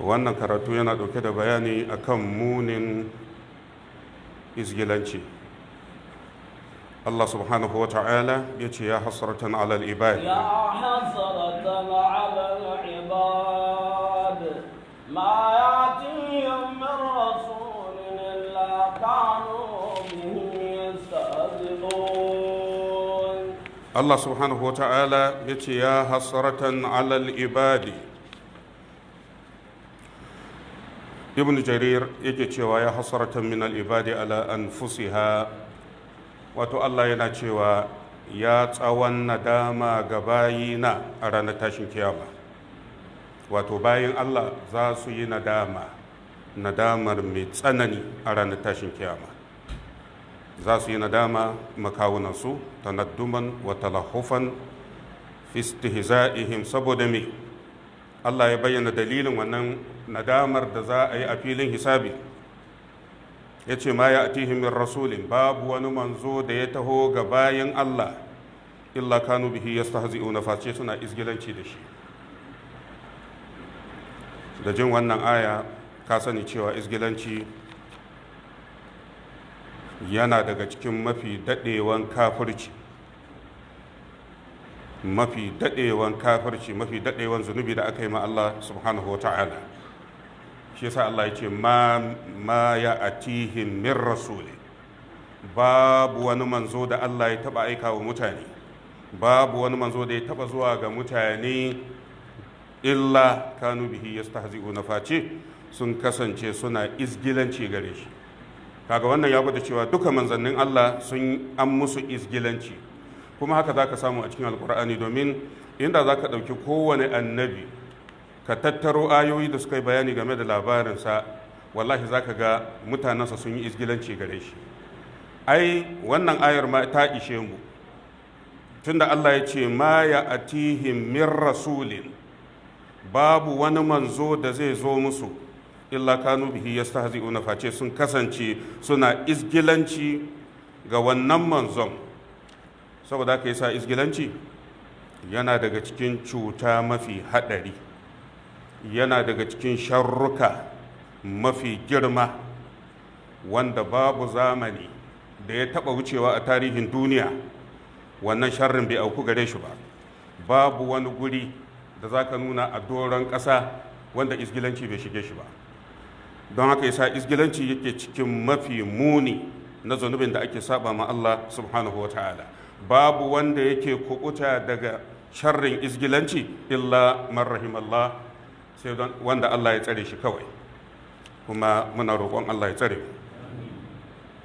wannan karatu yana ɗauke da bayani akan munin izgilanci Allah subhanahu wa ta'ala ya ce ya hasratan alal ibad ya hasratan alal ibad ma yatihim min rasulin illa kanu bihi yastahzi'un Allah subhanahu wa ta'ala ya ce ya hasratan alal ibadi ibn jarir yake cewa ya hasaratan min al'ibadi ala anfusiha wato allah yana cewa ya tsawon nadama ga bayina a ranar tashin kiyama wato bayin allah za su yi nadama nadamar mai tsanani a ranar tashin kiyama za su yi nadama makawunansu tanadduman wa talahufan fistihza'ihim saboda me Allah ya bayyana dalilin wannan nadamar da za a yi a filin hisabi ya ce ma ya atihi min rasulin babu wani manzo da ya taho ga bayan Allah illa kanu bihi yastahzi'una face suna izgilanci da shi da jin wannan aya ka sani cewa izgilanci yana daga cikin mafi dadewan kafirci mafi dadewan kafirci mafi dadewan zunubi da aka yi ma Allah subhanahu wa ta'ala shi yasa Allah ya ce ma ya ya atihim min rasuli babu wani manzo da Allah ya taba aika wa mutane babu wani manzo da ya taba zuwa ga mutane illa kanu bihi na face sun kasance suna izgilanci gare shi kaga wannan ya gwada cewa duka manzannin Allah sun an musu izgilanci kuma haka zaka samu a cikin Alqur'ani domin inda zaka dauki kowane annabi ka tattaro ayoyi da suka yi bayani game da labarinsa wallahi za ka ga mutanensa sun yi izgilanci gare shi ai wannan ayar ma ta ishe mu tunda Allah ya ce ma ya atihim min rasulin babu wani manzo da zai zo musu illa kanu bihi una face sun kasance suna izgilanci ga wannan manzon saboda yi yasa izgilanci yana daga cikin cuta mafi haɗari yana daga cikin sharruka mafi girma wanda babu zamani da ya taɓa wucewa a tarihin duniya wannan sharrin bai auku gare shi ba babu wani guri da za ka nuna a doron ƙasa wanda izgilanci bai shige shi ba don haka yasa isgilanci yake cikin mafi muni na zunubin da ake saba ma Allah subhanahu wa ta'ala babu wanda yake kubuta daga sharrin isgilanci illa man Allah. sai wanda Allah ya tsare shi kawai kuma muna roƙon Allah ya tsare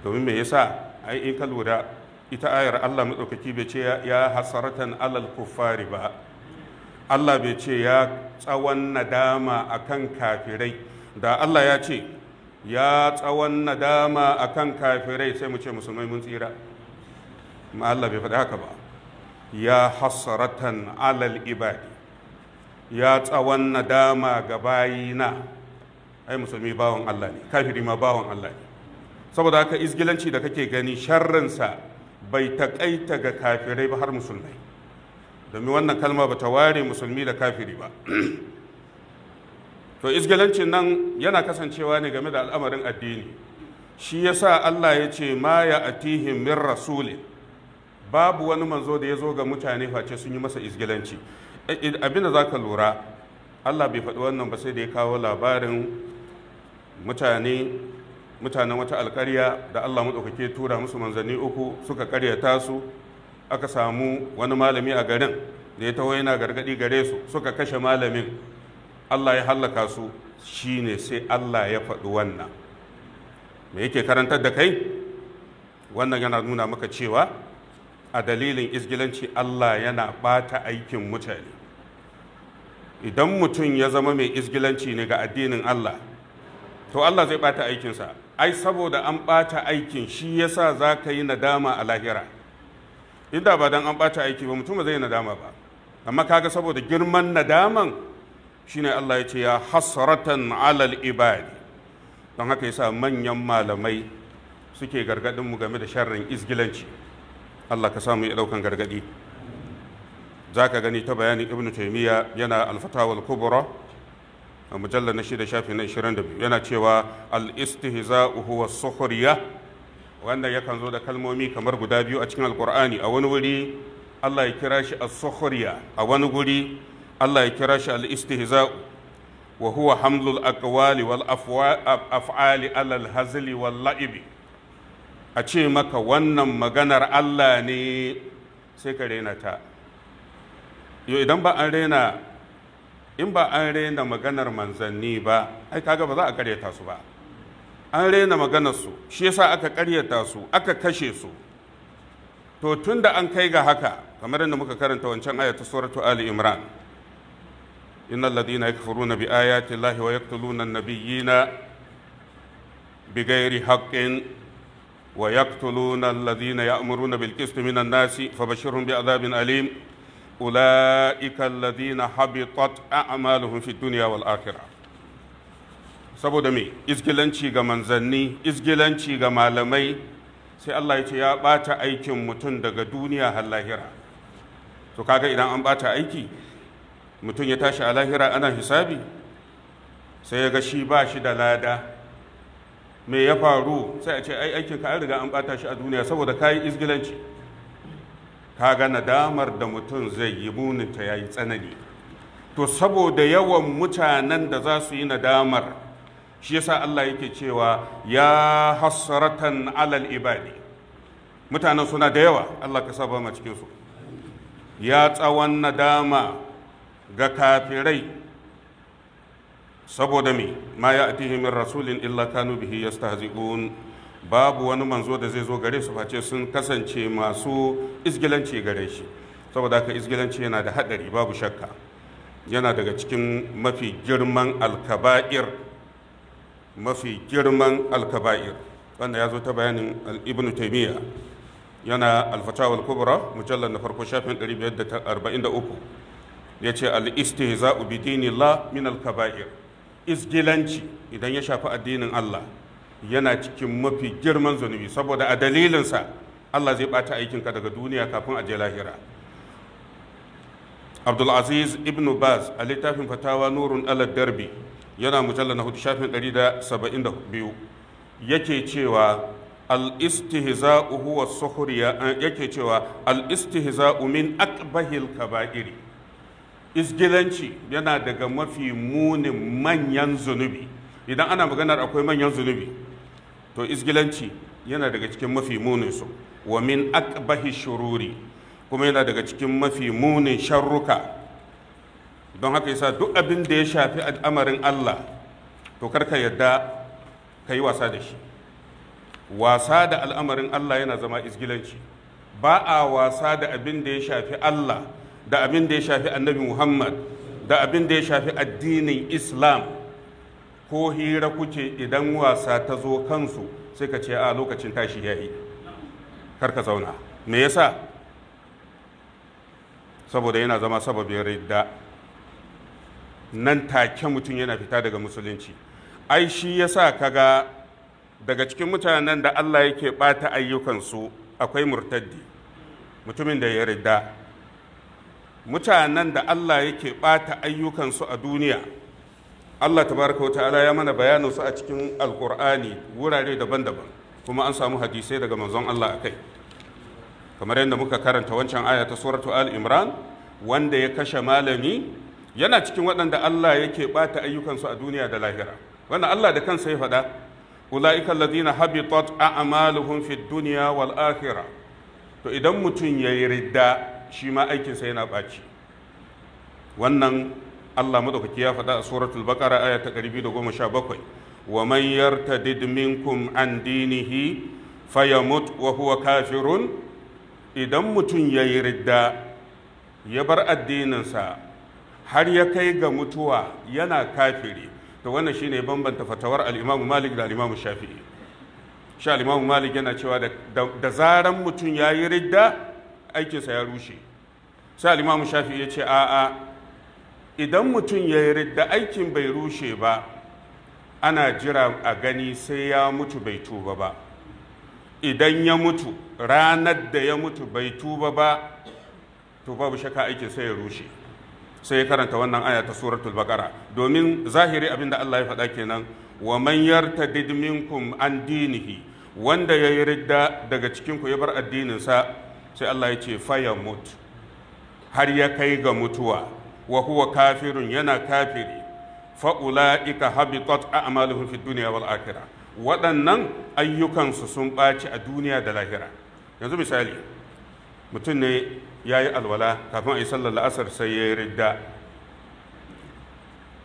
domin me yasa ai in ka lura ita ayar Allah maɗaukaki bai ce ya hasaratan alal kuffari ba Allah bai ce ya tsawon nadama akan kafirai da Allah ya ce ya tsawon nadama akan kafirai sai mu ce musulmai mun tsira ma Allah bai faɗi haka ba ya hasaratan alal ibadi ya tsawon nadama ga bayina ai musulmi bawan Allah ne kafiri ma bawan Allah ne saboda haka izgilanci da kake gani sharrinsa bai taƙaita ga kafirai ba har musulmai domin wannan kalma ba ta ware musulmi da kafiri ba to izgilancin nan yana kasancewa ne game da al'amarin addini shi ya sa Allah ya ce ma ya min rasulin babu wani manzo da ya zo ga mutane face sun yi masa izgilanci Eh, eh, abin da za ka lura allah bai faɗi wannan ba sai da ya kawo labarin mutane mutanen wata alkarya da allah maɗaukake tura musu manzanni uku suka karyata su aka samu wani malami a garin da ya taho yana gargaɗi gare su suka kashe malamin allah ya hallaka su shine sai allah ya faɗi wannan me yake karantar da kai wannan yana nuna maka cewa a dalilin izgilanci allah yana ɓata aikin mutane idan mutum ya zama mai izgilanci ne ga addinin Allah to Allah zai bata aikinsa ai saboda an bata aikin shi yasa za ka yi nadama a lahira inda ba dan an bata aiki ba mutum zai yi nadama ba amma kaga saboda girman nadaman shine Allah ya ce ya hasratan alal ibadi don haka yasa manyan malamai suke gargadin mu game da sharrin izgilanci Allah ka samu ya daukan gargadi za ka gani ta bayanin ibn taimiyya yana alfatawal kubra a mujallar na shida shafi na 22 yana cewa al-istihza'u huwa sukhriya wannan yakan zo da kalmomi kamar guda biyu a cikin alkur'ani a wani wuri Allah ya kira shi as-sukhriya a wani guri Allah ya kira shi al wa huwa hamlul aqwali wal af'ali alal hazli wal la'ibi a ce maka wannan maganar Allah ne sai ka daina ta yau idan ba an rena in ba an rena maganar manzanni ba ai kaga ba za a karyata su ba an rena maganar su shi yasa aka karyata su aka kashe su to tun da an kai ga haka kamar yadda muka karanta wancan aya ta suratu ali imran innal ladina yakfuruna bi ayati llahi wa yaqtuluna an-nabiyina bighairi haqqin wa yaqtuluna alladhina ya'muruna bil qisti minan nasi fabashshirhum bi adhabin alim ula'ika alladhina habitat a'maluhum fi duniya wal akhirah saboda me izgilanci ga manzanni izgilanci ga malamai sai Allah ya ce ya bata aikin mutum daga duniya har lahira to kaga idan an bata aiki mutum ya tashi a lahira ana hisabi sai ya ga shi ba shi da lada me ya faru sai a ce ai aikin ka riga an bata shi a duniya saboda kayi izgilanci kaga nadamar da mutum zai yi muninta ya yi tsanani to saboda yawan mutanen da za su yi nadamar shi yasa Allah yake cewa ya hasratan alal ibadi mutanen suna da yawa Allah ka saba ma cikin su ya tsawon nadama ga kafirai saboda mai ma ya min rasulin illa kanu bihi yastahzi'un babu wani manzo da zai zo gare su face sun kasance masu izgilanci gare shi saboda haka izgilanci yana da haɗari babu shakka yana daga cikin mafi girman alkaba'ir mafi girman alkaba'ir wanda ya zo ta bayanin ibnu taimiyya yana alfatawar kubra mujallar na farko shafin 543 ya ce al-istihza'u bi min alkaba'ir. izgilanci idan ya shafi addinin Allah yana cikin mafi girman zunubi saboda a dalilinsa Allah zai ɓata aikinka daga duniya kafin a je lahira abdulaziz ibn baz a littafin fatawa nurun alad darbi yana mujalla na hudu shafin 172 yake cewa al-istihza'u huwa sukhriya eh, yake cewa al-istihza'u min akbahil kaba'iri isgilanci yana daga mafi munin manyan zunubi idan ana maganar akwai manyan zunubi to isgilanci yana daga cikin mafi munin su wa min aqbahi shururi kuma yana daga cikin mafi munin sharruka don haka yasa duk abin da ya shafi al'amarin Allah to karka yadda ka yi wasa da shi wasa da al'amarin Allah yana zama izgilanci ba a wasa da abin da ya shafi Allah da abin da ya shafi annabi Muhammad da abin da ya shafi addinin Islam ko hira kuke idan wasa ta zo kansu sai ka ce a lokacin tashi ya yi karka zauna me yasa saboda yana zama sababin ridda nan take mutum yana fita daga musulunci ai shi yasa kaga daga cikin mutanen da Allah yake bata ayyukansu akwai murtaddi mutumin da ya ridda mutanen da Allah yake bata ayyukansu a duniya Allah tabaraka wa ta'ala ya mana bayanin su a cikin alkur'ani wurare daban-daban kuma an samu hadisai daga manzon Allah akai kamar yadda muka karanta wancan aya ta suratu al imran wanda ya kashe malami yana cikin waɗanda Allah yake bata ayyukansu a duniya da lahira wannan Allah da kansa ya faɗa ulaika alladhina habitat a'maluhum fid dunya wal akhirah to idan mutum yayi ridda shi ma aikinsa yana ɓaci wannan Allah madaukaki ya faɗa a suratul baqara aya ta 217 wa man yartadid minkum an dinihi fayamut wa huwa kafirun idan mutum ya yi ridda ya bar addininsa har ya kai ga mutuwa yana kafiri to wannan shine bambanta fatawar al-Imam Malik da al-Imam Shafi'i sha al-Imam Malik yana cewa da zaran mutum ya yi ridda aikinsa ya rushe sai al-Imam Shafi'i ya ce a'a idan mutum ya yi da aikin bai rushe ba ana jira a gani sai ya mutu bai tuba ba idan ya mutu ranar da ya mutu bai tuba ba to babu shakka aikin sai ya rushe sai ya karanta wannan aya ta suratul bakara domin zahiri abin da Allah ya faɗa kenan wa man yartadid minkum an dinihi wanda ya yi ridda daga cikin ku ya bar addininsa sai Allah ya ce faya mutu har ya kai ga mutuwa wa huwa kafirun yana kafiri fa ulaika habitat a'maluhum fid dunya wal akhirah waɗannan ayyukansu sun ɓaci a duniya da lahira yanzu misali mutum ne ya yi alwala kafin a yi sallar la'asar sai ya yi ridda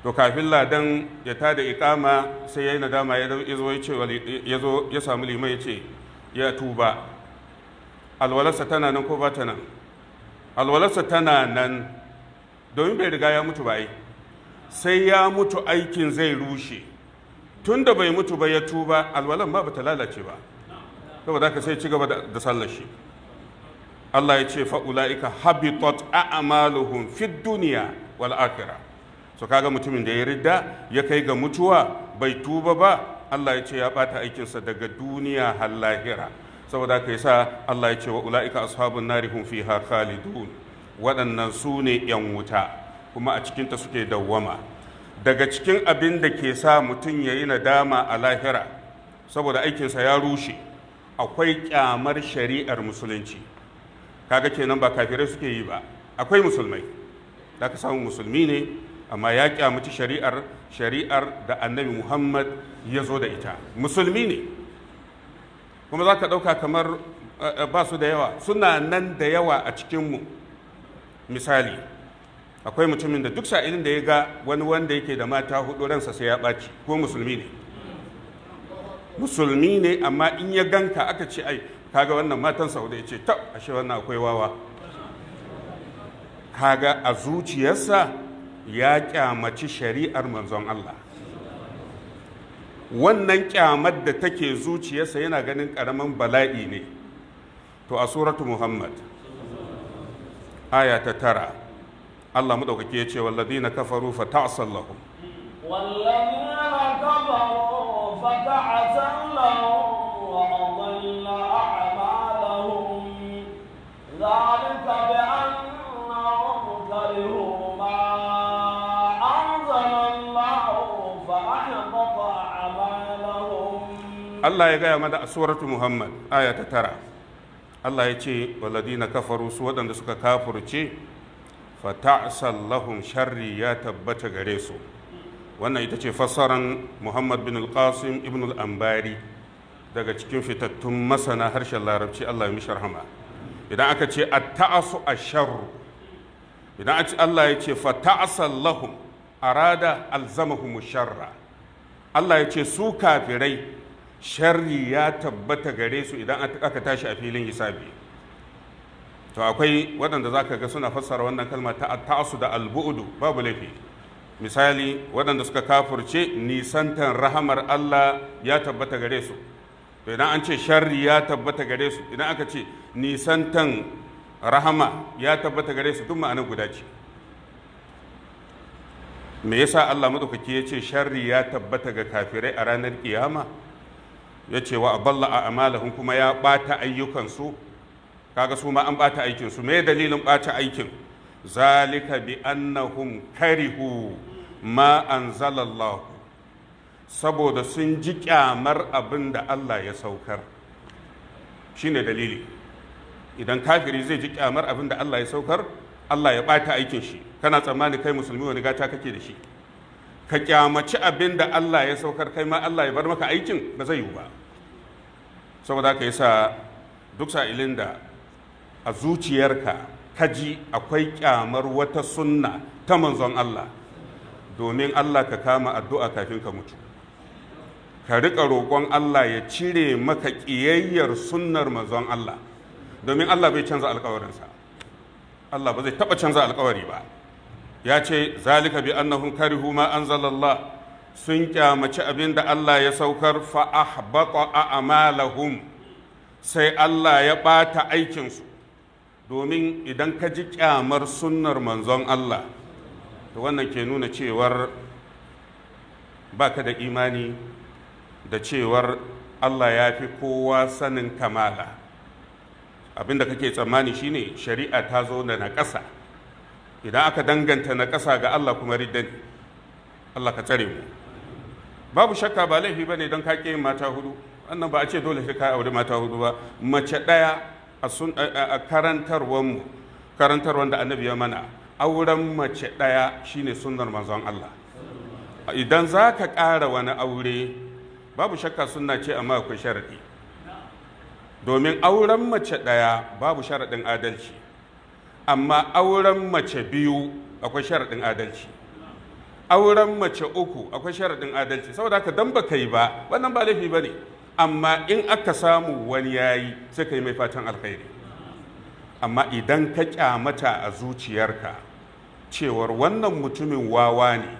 to kafin la dan ya tada da sai ya yi nadama ya zo ya zo ya samu liman ya ce ya tuba Alwalasa tana nan ko ba ta nan Alwalasa tana nan domin bai riga ya mutu ba ai sai ya mutu aikin zai rushe tun da bai mutu ba ya tuba alwalan ba ta lalace ba saboda haka sai ci gaba da sallar shi Allah ya ce fa'ula'ika habitat a'amaluhum fid duniya wal akhirah so kaga mutumin da ya ridda ya kai ga mutuwa bai tuba ba Allah ya ce ya bata aikinsa daga duniya har lahira saboda haka yasa Allah ya ce wa ula'ika ashabun nari hum fiha khalidun waɗannan su ne 'yan wuta kuma a cikinta suke dawwama daga cikin abin da ke sa mutum ya yi nadama a lahira saboda aikinsa ya rushe akwai kyamar shari'ar musulunci kaga kenan ba kafirai suke yi ba akwai musulmai da ka samu musulmi ne amma ya kyamuci shari'ar shari'ar da annabi muhammad ya zo da ita musulmi ne kuma za ka ɗauka kamar eh, eh, ba su da yawa suna nan da yawa a cikinmu misali akwai mutumin da duk sa'ilin da ya ga wani wanda yake da mata hudu ransa sai ya ɓaci ko musulmi ne musulmi ne amma in ya ganka aka ce ai kaga wannan matan sauda ya ce ta ashe wannan akwai wawa kaga a zuciyarsa ya kyamaci shari'ar manzon Allah wannan kyamar da take zuciyarsa yana ganin karamin bala'i ne to a suratu muhammad aya ta tara Allah madaukake ya ce walladina kafaru fa ta'sal lahum walladina kafaru fa ta'sal lahum wa adalla a'malahum dhalika bi annahum karihu ma anzalallahu fa ahbata a'malahum Allah ya gaya mana a suratu Muhammad aya ta tara Allah ya ce waladina kafaru su waɗanda suka kafurce fata'sal lahum sharri ya tabbata gare su wannan ita ce fassaran Muhammad bin al-Qasim ibn al-Ambari daga cikin fitattun masana harshen larabci Allah ya mishi rahama idan aka ce at-ta'asu a sharru idan Allah ya ce fata'sal lahum arada alzamahum sharra Allah ya ce su kafirai sharri ya tabbata gare su idan aka tashi a filin hisabi to akwai waɗanda za ka ga suna fassara wannan kalma ta ta'asu da albu'udu babu laifi misali waɗanda suka kafurce nisantan rahamar Allah ya tabbata gare su to idan an ce sharri ya tabbata gare su idan aka ce nisantan rahama ya tabbata gare su duk ma'anar guda ce me yasa Allah madaukaki ya ce sharri ya tabbata ga kafirai a ranar kiyama ya ce wa aballa a amalahun kuma ya ɓata ayyukansu kaga su ma an ɓata aikinsu me dalilin ɓata aikin zalika bi annahum karihu ma anzalallahu saboda sun ji kyamar abin da Allah ya saukar shine dalili idan kafiri zai ji kyamar abin da Allah ya saukar Allah ya ɓata aikin shi kana tsammani kai musulmi wani gata kake da shi ka kyamaci abin da Allah ya saukar kai ma Allah ya bar maka aikin ba zai yi ba saboda ka yi sa duk sa'ilin da a zuciyarka ka ji akwai kyamar wata sunna ta manzon Allah domin Allah ka kama addu'a kafin ka mutu ka riƙa roƙon Allah ya cire maka ƙiyayyar sunnar manzon Allah domin Allah bai canza alƙawarinsa Allah ba zai taɓa canza alƙawari ba ya ce zalika bi annahum karihu ma anzalallah sun kyamaci abin da Allah ya saukar fa ahbata a'malahum sai Allah ya ɓata aikinsu domin idan ka ji kyamar sunnar manzon Allah to wannan ke nuna cewar baka da imani da cewar Allah ya fi kowa sanin kamala Abinda kake tsammani shine shari'a ta zo da na ƙasa idan aka danganta na ƙasa ga Allah kuma ridda ne Allah ka tsare mu babu shakka ba laifi bane don ka yin mata hudu annan ba a ce dole sai ka aure mata hudu ba mace ɗaya a karantarwar mu karantarwar da annabi ya mana auren mace ɗaya shine sunnar manzon Allah idan za ka ƙara wani aure babu shakka sunna ce amma akwai sharaɗi domin auren mace ɗaya babu sharaɗin adalci amma auren mace biyu akwai sharaɗin adalci auren mace uku akwai sharaɗin adalci saboda haka dan baka yi ba wannan ba laifi bane amma in aka samu wani yayi sai ka yi mai fatan alkhairi amma idan ka kyamata a zuciyarka cewar wannan mutumin wawa ne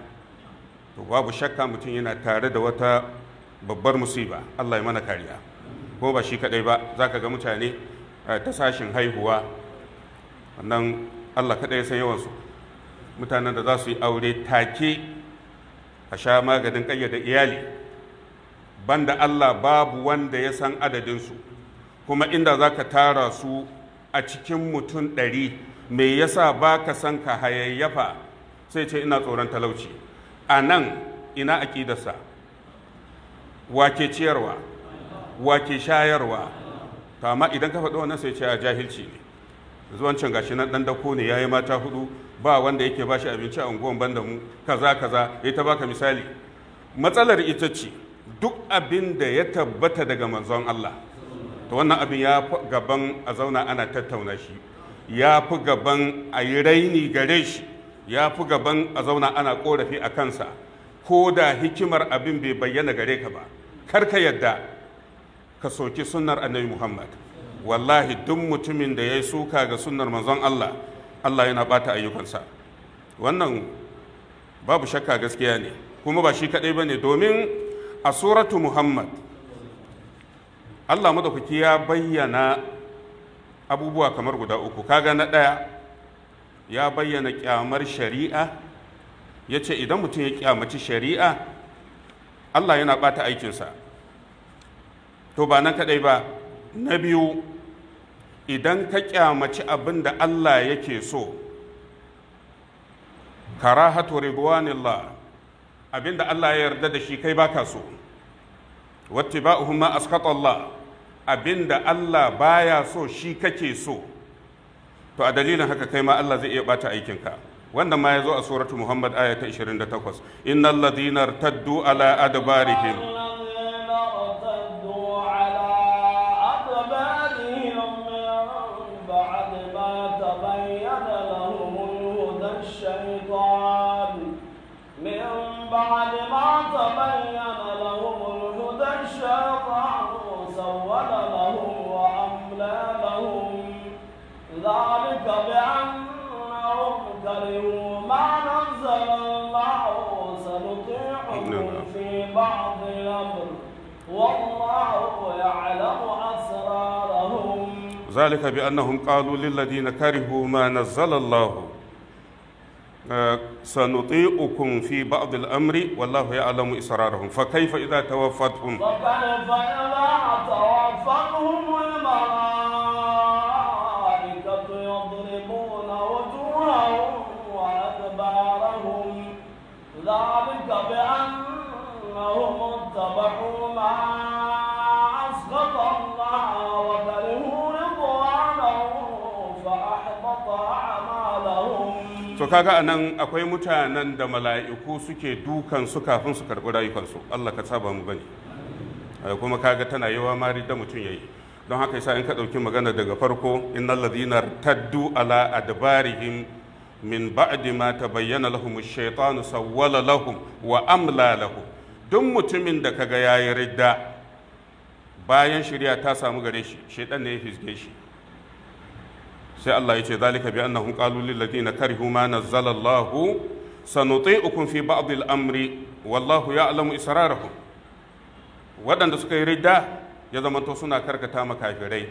to babu shakka mutum yana tare da wata babbar musiba Allah ya mana kariya ko ba shi kaɗai ba zaka ga mutane eh, ta sashin haihuwa wannan allah kaɗai ya san yawansu mutanen da za su yi aure take a sha maganin da iyali banda allah babu wanda ya san adadinsu kuma inda za ka tara su a cikin mutum ɗari me yasa ba ka san ka hayayyafa sai ce ina tsoron talauci a nan ina aƙidarsa wake ciyarwa wake shayarwa amma idan ka faɗo wannan sai ce a jahilci ne zuwancan gashi nan dan dako ne yayi mata hudu ba wanda yake bashi abinci a unguwan banda mu kaza kaza eh ta baka misali matsalar ita ce duk abin da ya tabbata daga manzon Allah to wannan abin ya fi gaban a zauna ana tattauna shi ya fi gaban a yi raini gare shi ya fi gaban a zauna ana korafi a kansa ko da hikimar abin bai bayyana gare ka ba kar ka yadda ka soki sunnar annabi muhammad wallahi duk mutumin da ya yi suka ga sunnar manzon Allah Allah yana bata ayyukansa wannan babu shakka gaskiya ne kuma ba shi kaɗai bane domin a suratu muhammad Allah madaukaki ya bayyana abubuwa kamar guda uku kaga na ɗaya ya bayyana kyamar shari'a ya ce idan mutum ya kyamaci shari'a Allah yana bata aikinsa to ba nan kaɗai ba na biyu idan ka kyamaci abin da Allah yake so karahatu ridwanillah abin da Allah ya yarda da shi kai baka so wattiba'uhum ma askata Allah abin da Allah baya so shi kake so to a dalilin haka kai ma Allah zai iya bata aikinka wanda ma ya zo a suratu Muhammad ayata 28 innal ladina ala adbarihim ذلك بأنهم قالوا للذين كرهوا ما نزل الله آه، سنطيعكم في بعض الأمر والله يعلم إسرارهم فكيف إذا توفتهم فكيف إذا توفتهم الملائكة يضربون وجوههم وأدبارهم ذلك بأنهم اتبعوا ما to kaga anan akwai mutanen da mala'iku suke dukan su kafin su karɓi rayukansu Allah ka saba mu bane kuma kaga tana yawa mari da mutum yayi don haka yasa in ka ɗauki magana daga farko innal ladina taddu ala adbarihim min ba'di ma tabayyana lahum ash-shaytanu sawwala lahum wa amla lahum duk mutumin da kaga yayi ridda bayan shari'a ta samu gare shi shaytan ne ya fisge shi sai Allah ya ce zalika bi annahum qalu lil ladina karihu ma nazzala Allah sanuti'ukum fi ba'd al amri wallahu ya'lamu israrahum waɗanda suka yi ridda ya zamanto suna karkata makafirai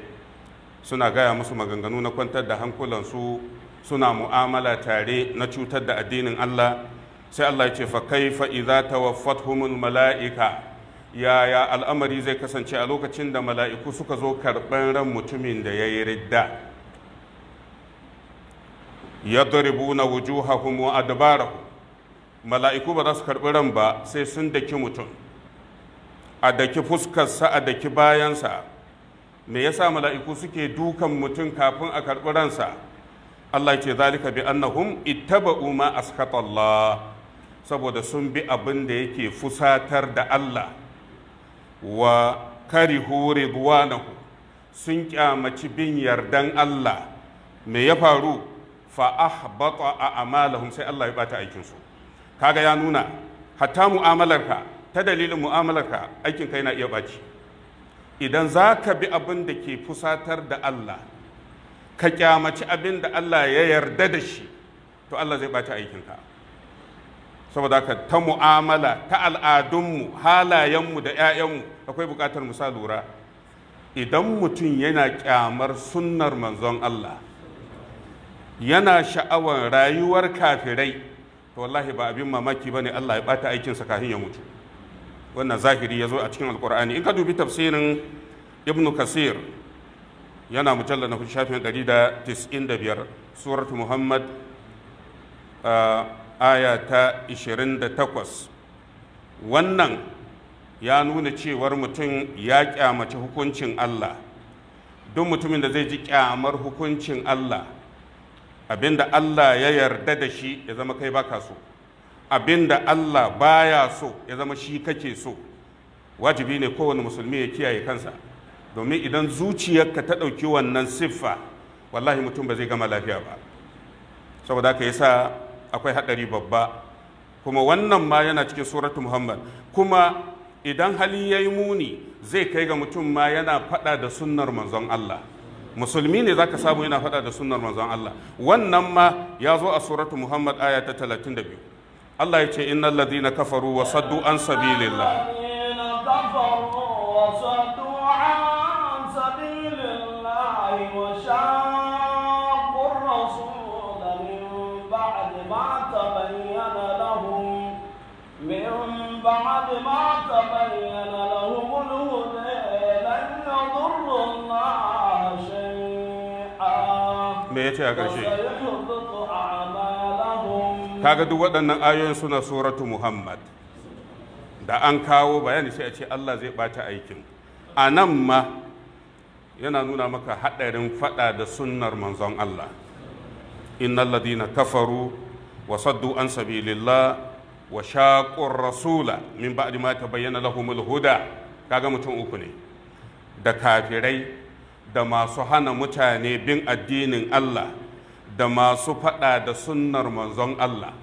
suna gaya musu maganganu na kwantar da hankulansu suna mu'amala tare na cutar da addinin Allah sai Allah ya ce fa kaifa idza tawaffatuhumul mala'ika yaya al'amari zai kasance a lokacin da mala'iku suka zo karɓan ran mutumin da ya yi ridda ya yadribuna wujuhahum wa adbarahum mala'iku ba za su karɓi ran ba sai sun daki mutum a daki fuskarsa a daki bayansa me yasa mala'iku suke dukan mutum kafin a karɓi ransa Allah ce zalika bi annahum ittaba'u ma suka Allah saboda sun bi abin da yake fusatar da Allah wa karihu ridwanahu sun kyamaci bin yardan Allah me ya faru fa a a'malahum sai Allah ya bata aikin kaga ya nuna hatta mu'amalarka ta dalilin mu'amalarka aikin kai na iya baci idan za ka bi abin da ke fusatar da Allah ka kyamaci abin da Allah ya yarda da shi to Allah zai bata aikinka saboda ka ta mu'amala ta al'adunmu halayenmu da 'ya'yanmu akwai buƙatar mu lura idan mutum yana kyamar sunnar manzon Allah yana sha'awar rayuwar kafirai to wallahi ba abin mamaki ba ne Allah ya bata aikinsa kafin ya mutu wannan zahiri ya zo a cikin alkur'ani in ka dubi tafsirin ibn kasir yana mujallar na shafin 195 surat muhammad aya ta 28 wannan ya nuna cewar mutum ya kyamaci hukuncin allah duk mutumin da zai ji kyamar hukuncin allah abinda Allah ya yarda da shi ya zama kai baka so abinda Allah baya so ya zama shi kake so wajibi ne kowane musulmi ya kiyaye kansa domin idan zuciyarka ta ɗauki wannan siffa wallahi mutum ba zai gama lafiya ba saboda haka yasa akwai haɗari babba kuma wannan ma yana cikin suratu muhammad kuma idan hali ya yi muni zai kai ga mutum ma yana faɗa da sunnar manzon Allah musulmi ne zaka samu yana faɗa da sunnar manzon Allah wannan ma ya zo a suratu Muhammad aya ta 32 Allah ya ce innal ladina kafaru wa saddu an sabilillah من بعد ما تبين me ya ce a ƙarshe kaga duk waɗannan ayoyin suna suratu muhammad da an kawo bayani sai a ce allah zai ɓata aikin a nan ma yana nuna maka haɗarin faɗa da sunnar manzon allah innal ladina kafaru wa saddu an sabilillah wa shaqur rasula min ba'di ma bayyana lahumul huda kaga mutum uku ne da kafirai da masu hana mutane bin addinin Allah da masu faɗa da sunnar manzon Allah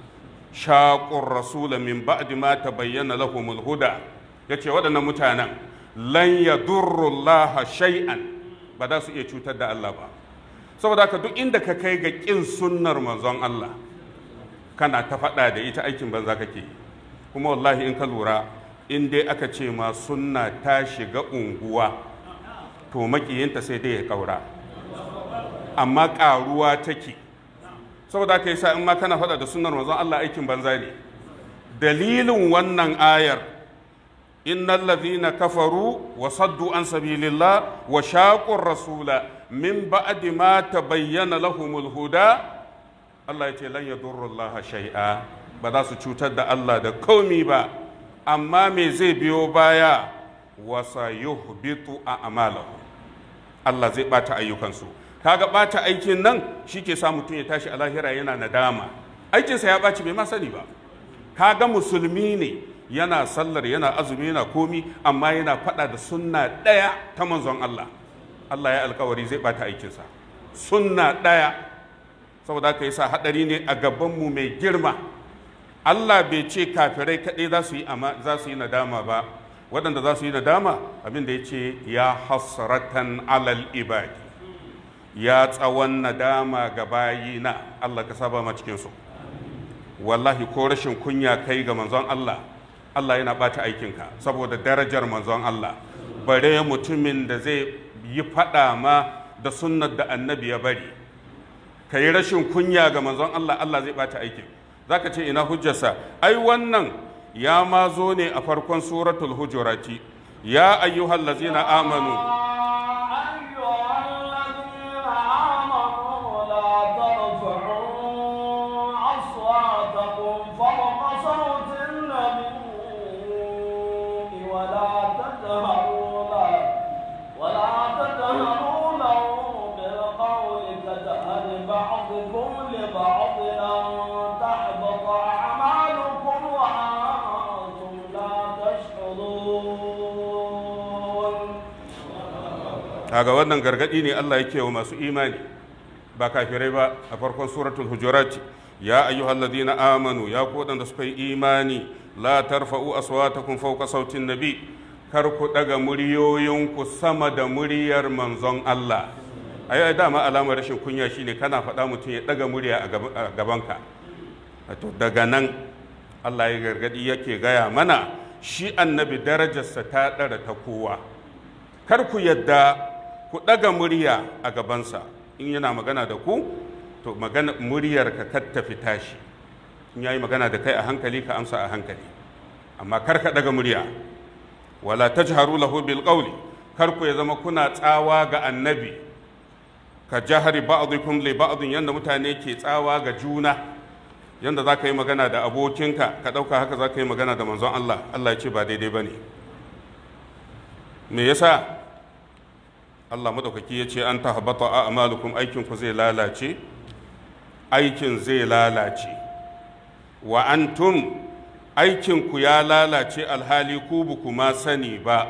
shaƙun rasula min ba'di ma bayyana lahumul huda ce waɗannan mutanen lanya yadurru shai'an shay'an ba za su iya cutar da Allah ba saboda haka duk inda ka kai ga ƙin sunnar manzon Allah kana ta faɗa da ita aikin banza kake kuma wallahi in ka lura in dai aka ce ma sunna ta shiga unguwa to makiyinta sai dai ya ƙaura amma ƙaruwa take saboda ka yi sa in ma kana faɗa da sunar manzon Allah aikin banza ne dalilin wannan ayar innal ladhina kafaru wa saddu an sabilillah wa shaqur rasula min ba'di ma tabayyana lahumul huda Allah yace lan yadurru Allah shay'a ba za su cutar da Allah da ƙaumi ba amma me zai biyo baya wasa yuhbitu a'malahu Allah zai bata ayyukansu kaga bata aikin nan shi ke sa mutum ya tashi a lahira yana nadama aikinsa ya ɓaci bai ma sani ba kaga musulmi ne yana sallar yana azumi yana komi amma yana faɗa da sunna ɗaya ta manzon Allah Allah ya alkawari zai bata aikinsa sunna ɗaya saboda haka yasa haɗari ne a gabanmu mai girma Allah bai ce kafirai kaɗai za su yi nadama ba waɗanda za su yi da dama abin da ya ce ya hasratan alal ibadi ya tsawon nadama ga bayina Allah ka saba ma cikinsu wallahi ko rashin kunya kai ga manzon Allah Allah yana ɓata aikinka saboda darajar manzon Allah bare mutumin da zai yi faɗa ma da sunnar da annabi ya bari ka yi rashin kunya ga manzon Allah Allah zai ɓata aikin za ka ce ina hujjarsa ai wannan ya ma zo ne a farkon suratul hujurati ya na amanu kaga wannan gargadi ne Allah yake wa masu imani ba kafirai ba a farkon suratul hujurat ya ladina amanu ya ku wadanda suka yi imani la tarfa'u aswatakum fawqa sautin nabi kar ku daga muryoyinku sama da muryar manzon Allah ai dama alamar rashin kunya shine kana faɗa mutum ya daga murya a gabanka to daga nan Allah ya gargadi yake gaya mana shi annabi darajarsa ta ɗara ta kowa kar ku yadda ku ɗaga murya a gabansa in yana magana da ku to muryar ka kar ta fita shi in yayi magana da kai a hankali ka amsa a hankali amma kar ka ɗaga murya wala tajharu lahu bil qawli kar ku ya zama kuna tsawa ga annabi ka jahari ba'dikum li ba'din yanda mutane ke tsawa ga juna yanda za ka yi magana da abokinka ka ɗauka haka za ka yi magana da manzon Allah Allah ya ce ba daidai ba ne me yasa Allah madaukaki ya ce an ta habata a amalukum aikinku zai lalace aikin zai lalace wa antum aikinku ya lalace alhali ku buku ma sani ba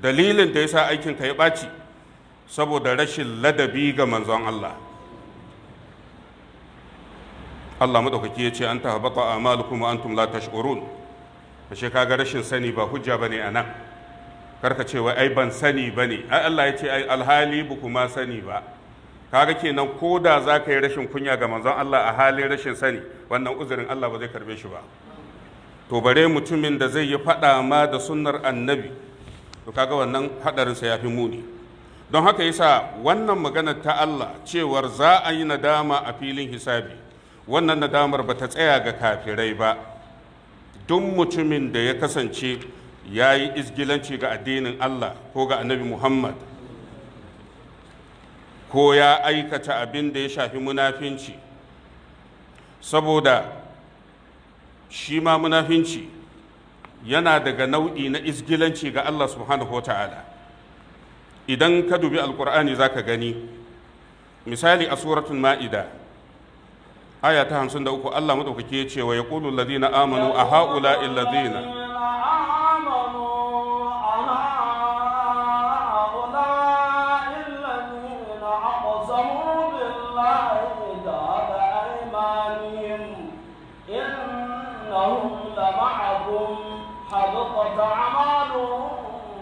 dalilin da yasa ka ya ɓaci saboda rashin ladabi ga manzon Allah Allah madaukaki ya ce an ta habata a amalukum wa antum la tash'urun ashe kaga rashin sani ba hujja bane nan. karka ce ai ban sani ba ne ai Allah ya ce ai alhali ba kuma sani ba kaga kenan ko da za ka yi rashin kunya ga manzon Allah a halin rashin sani wannan uzurin Allah ba zai karbe shi ba to bare mutumin da zai yi faɗa ma da sunnar annabi to kaga wannan hadarin ya fi muni don haka yasa wannan maganar ta Allah cewar za a yi nadama a filin hisabi wannan nadamar ba ta tsaya ga kafirai ba duk mutumin da ya kasance ya yi izgilanci ga addinin Allah ko ga annabi Muhammad ko ya aikata abin da ya shafi munafinci saboda shi ma munafinci yana daga nau'i na izgilanci ga Allah subhanahu wa ta'ala idan ka dubi alkur'ani za ka gani misali a suratun ma'ida aya ta 53 Allah maɗaukaki ya ce ya ƙulun ladina amanu a ha'ula illazina إنهم لمعكم حبطت أعمالهم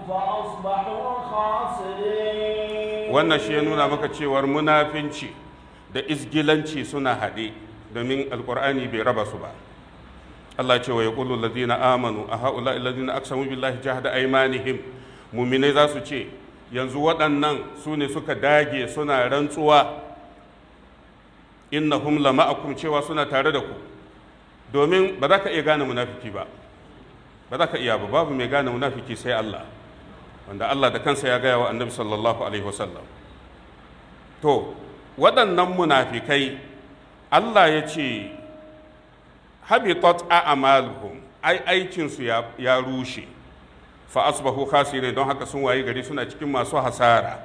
فأصبحوا خاسرين wannan shi ya nuna maka cewar munafinci da izgilanci suna haɗe domin alkur'ani bai raba su ba Allah ce wa yaqulu allazina amanu a haula allazina aqsamu billahi jahda aymanihim mu'minai za su ce yanzu waɗannan su ne suka dage suna rantsuwa innahum lama'akum cewa suna tare da ku domin ba za ka iya gane munafiki ba ba za ka iya ba babu mai gane munafiki sai Allah wanda Allah da kansa ya gaya wa annabi sallallahu alaihi wasallam to waɗannan munafikai Allah ya ce habitat a'maluhum ai aikinsu ya rushe fa asbahu khasirin don haka sun wayi gari suna cikin masu hasara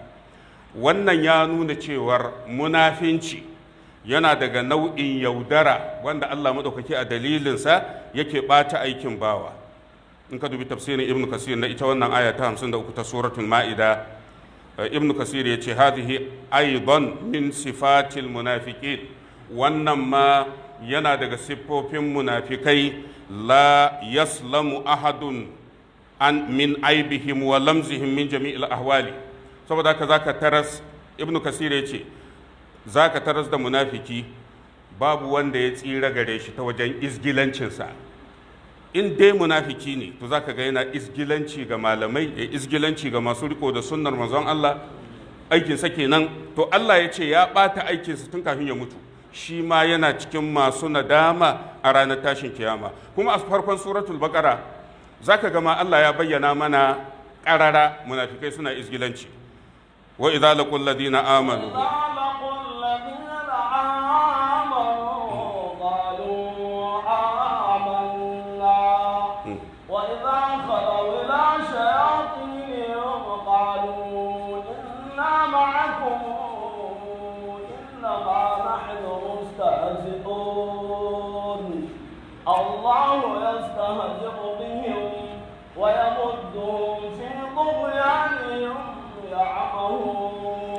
wannan ya nuna cewar munafinci yana daga nau'in yaudara wanda Allah maɗaukaki a dalilinsa yake ɓata aikin bawa in ka dubi tafsirin ibnu kasir na ita wannan aya ta uku ta suratul ma'ida eh, ibnu kasir ya ce hadhihi aidan min sifatil munafiqin wannan ma yana daga siffofin munafikai la yaslamu ahadun an min aibihim wa lamzihim min jami'il ahwali saboda haka zaka taras ibnu kasir ya ce za ka taras da munafiki babu wanda ya tsira gare shi ta wajen izgilancinsa in dai munafiki ne to za ka ga yana izgilanci ga malamai ya izgilanci ga masu riko da sunnar manzon Allah aikinsa kenan to Allah ya ce ya ɓata aikinsa tun kafin ya mutu shi ma yana cikin masu nadama a ranar tashin kiyama kuma a farkon suratul baqara zaka ga ma Allah ya bayyana mana ƙarara munafikai suna izgilanci wa idza laqul ladina amanu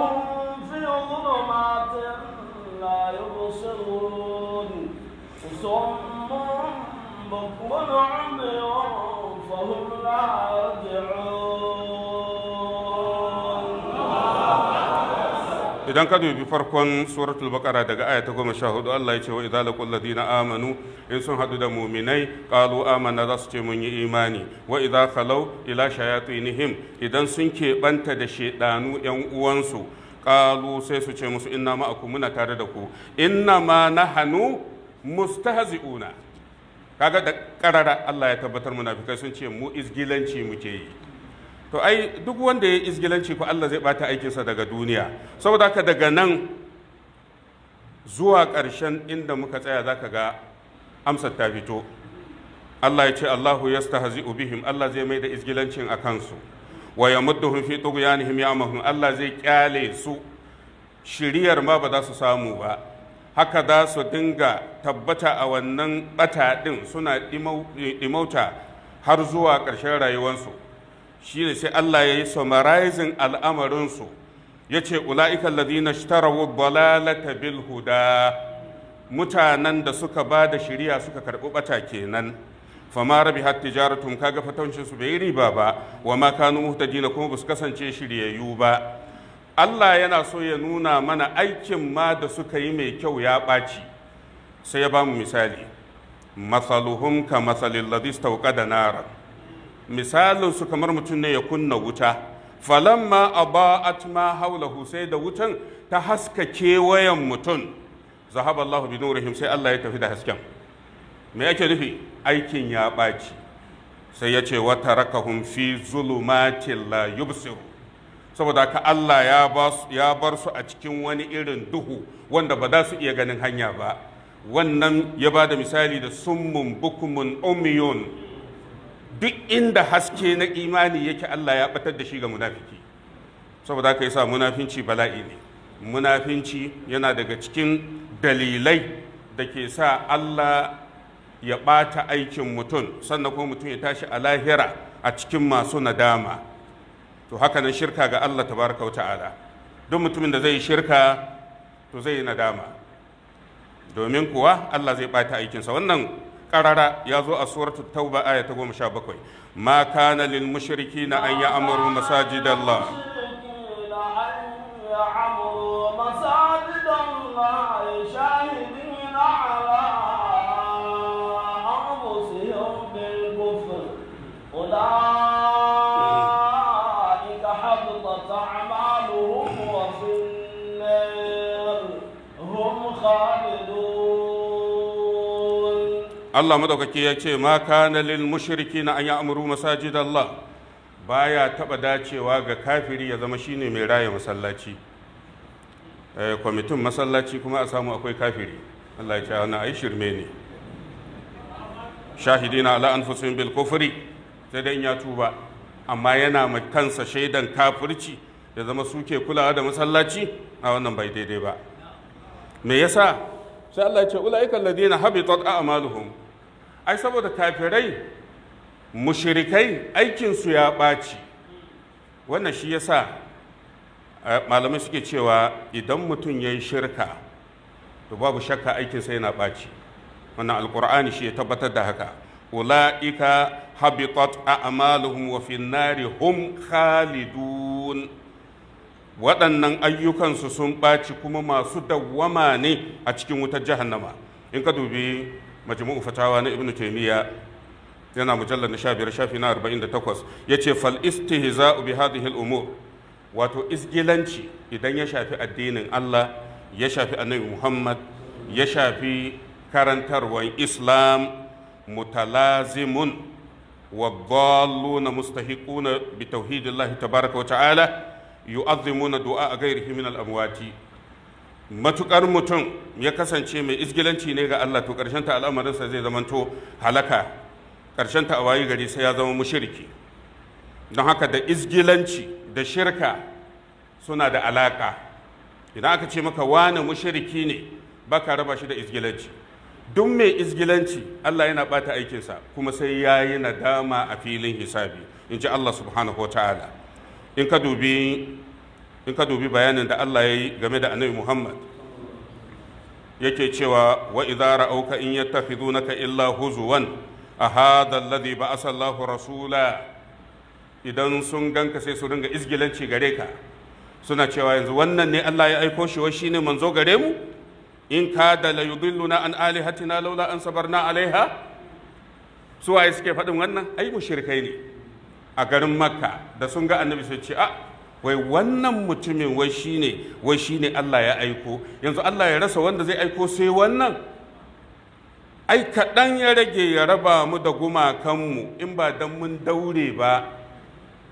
وهم في ظلمات لا يبصرون صم بكم عمي فهم لا يرجعون idan ka dubi farkon suratul bakara daga aya ta goma sha hudu Allah ya ce wa idza laqul ladina amanu in sun hadu da mu'minai qalu amanna za su ce mun yi imani wa idza khalau ila shayatinihim idan sun banta da shedanu yan uwansu qalu sai su ce musu inna ma'akum muna tare da ku inna ma nahanu mustahzi'una kaga da karara Allah ya tabbatar munafikai sun ce mu isgilanci muke yi to ai duk wanda ya izgilanci ko Allah zai bata aikinsa daga duniya saboda haka daga nan zuwa ƙarshen inda muka tsaya za ka ga amsar ta fito Allah ya ce Allahu yastahzi'u bihim Allah zai mai da izgilancin a kansu wa yamudduhum fi tughyanihim ya'mahum Allah zai kyale su shiriyar ma ba za su samu ba haka za su dinga tabbata a wannan bata din suna dimauta har zuwa ƙarshen rayuwarsu shi ne sai Allah ya yi summarizing al'amarinsu ya ce ula'ikan ladina shtarawu balalata bil huda mutanen da suka ba da shirya suka karɓi ɓata kenan fama rabi har tijaratun kaga fatancinsu bai yi riba ba wa ma kanu muhtadina kuma ba su kasance shiryayyu ba Allah yana so ya nuna mana aikin ma da suka yi mai kyau ya ɓaci sai ya bamu misali matsaluhum ka matsalin ladis tauka da naran misalin su kamar mutum ne ya kunna wuta falamma aba'at ma haulahu sai da wutan ta haska kewayen mutum zahaba Allah bi nurihim sai Allah ya tafi da hasken me yake nufi aikin ya ɓaci sai ya ce wata rakahum fi zulumatin la yubsiru saboda ka Allah ya bar su a cikin wani irin duhu wanda ba za su iya ganin hanya ba wannan ya ba da misali da summun bukumun umiyun duk inda haske na imani yake Allah ya batar da shi ga munafiki saboda haka yasa munafinci bala'i ne munafinci yana daga cikin dalilai da ke sa Allah ya ɓata aikin mutum sannan kuma mutum ya tashi a lahira a cikin masu nadama to haka nan shirka ga Allah tabaraka wa ta'ala duk mutumin da zai shirka to zai yi nadama domin kuwa Allah zai bata aikinsa wannan karara ya zo a suratu tauba aya ta goma sha bakwai ma kana lil mushriki na an yi amuru masajidallah Allah madaukaki ya ce ma kana lil mushrikina an ya'muru Allah baya taba dacewa ga kafiri ya zama shine mai raye masallaci eh, kwamitin masallaci kuma a samu akwai kafiri Allah ya ce ana ai shirme ne shahidina ala anfusihim bil kufri sai dai ya tuba amma yana mai kansa shaidan kafirci ya zama suke kulawa da masallaci a wannan bai daidai ba me yasa sai Allah ya ce ulaika alladina habitat a'maluhum ai saboda kafirai mushirikai aikinsu ya ɓaci wannan shi ya sa eh, malamai suke cewa idan mutum ya yi shirka to babu shakka aikin aikinsa yana ɓaci wannan alkur'ani shi ya tabbatar da haka ula'ika habitat a'maluhum wa fin nari hum khalidun waɗannan ayyukansu sun ɓaci kuma masu dawwama ne a cikin wutar jahannama in ka dubi majmu'u fatawa na ibnu taymiya yana mujallar na 15 shafi na 48 yace fal istihza'u bi hadhihi al-umur wato isgilanci idan ya shafi addinin Allah ya shafi annabi Muhammad ya shafi karantarwar Islam mutalazimun wa dhalluna mustahiquna bi tauhidillahi tabaraka wa ta'ala yu'azzimuna du'a ghairihi min al-amwati matukar mutum ya kasance mai isgilanci ne ga Allah to ƙarshen ta al'amarinsa zai zamanto halaka ƙarshen ta a wayi gari sai ya zama mushriki don haka da isgilanci da shirka suna da alaka idan aka ce maka wani mushriki ne baka raba shi da isgilanci duk mai isgilanci Allah yana bata aikinsa kuma sai ya yi nadama a filin hisabi in ji Allah subhanahu wa ta'ala in ka dubi in ka dubi bayanin da Allah ya yi game da annabi Muhammad yake cewa wa in ya in zunaka illa huzuwan a hadha alladhi ba'asa Allahu rasula idan sun ganka sai su ringa izgilanci gare ka suna cewa yanzu wannan ne Allah ya aiko shi wa shine manzo gare mu in ka da la yudilluna an alihatina laula an sabarna alaiha su waye suke faɗin wannan ai mushrikai ne a garin makka da sun ga annabi sai ce a ah, wai wannan mutumin wai shine wai shine Allah ya aiko yanzu Allah ya rasa wanda zai aiko sai wannan ai kaɗan ya rage ya raba mu da gumakanmu in ba don mun daure ba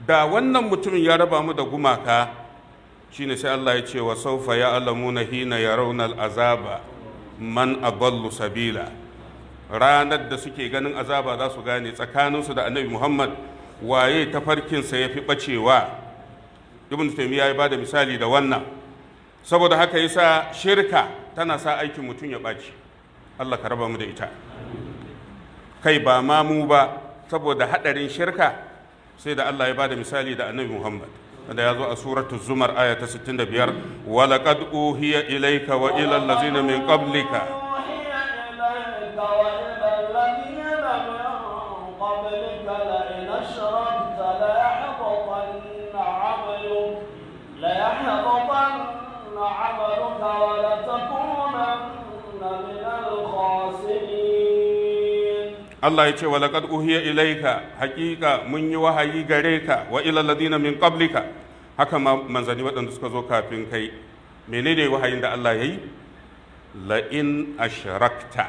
da wannan mutumin ya raba mu da gumaka shine sai Allah ya ce wa saufa ya alamuna hina ya raunar azaba man aballu sabila ranar da suke ganin azaba za su gane tsakaninsu da annabi muhammad waye ta farkinsa ya fi ɓacewa ibn taymiya ya bada misali da wannan saboda haka yasa shirka tana sa aikin mutum ya ɓaci Allah ka raba mu da ita kai ba ma mu ba saboda haɗarin shirka sai da Allah ya bada misali da annabi Muhammad da ya zo a suratul zumar aya ta 65 wa laqad uhiya ilayka wa ila allazina min qablika Allah ya ce wa laqad uhiya ilaika haqiqa mun yi wahayi gare ka wa ila ladina min qablika haka ma manzani waɗanda suka zo kafin kai menene wahayin da Allah ya yi la in ashrakta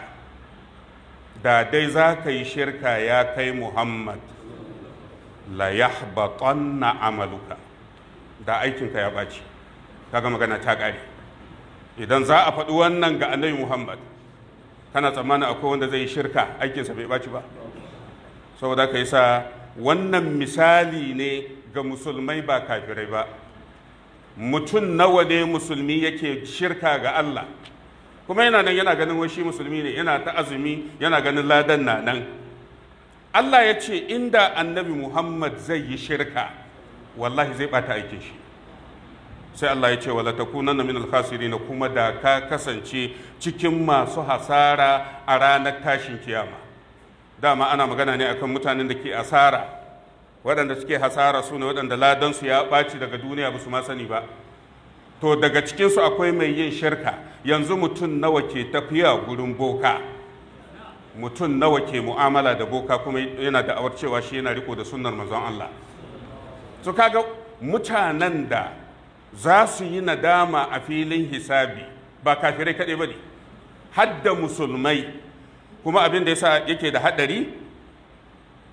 da dai za ka yi shirka ya kai Muhammad la na amaluka da aikinka ya ɓaci kaga magana ta ƙare idan za a faɗi wannan ga annabi muhammad kana tsammanin akwai wanda zai shirka aikinsa bai ɓaci ba saboda ka yi sa wannan misali ne ga musulmai ba kafirai ba mutum nawa ne musulmi yake shirka ga allah kuma yana nan yana ganin wani shi musulmi ne yana ta azumi yana ganin ladan na nan allah ya ce inda annabi muhammad zai yi shirka wallahi zai ɓata aikin shi sai Allah ya ce wala takunanna min al na kuma da ka kasance cikin masu hasara a ranar tashin kiyama dama ana magana ne akan mutanen da ke asara waɗanda suke hasara su ne waɗanda ladansu ya baci daga duniya ba su ma sani ba to daga cikinsu akwai mai yin shirka yanzu mutum nawa ke tafiya gurin boka mutum nawa ke mu'amala da boka kuma yana da'awar cewa shi yana riko da sunnar manzon Allah to kaga mutanen da za su yi nadama a filin hisabi ba kafirai kaɗai ba ne hadda musulmai kuma abin da yasa yake da haɗari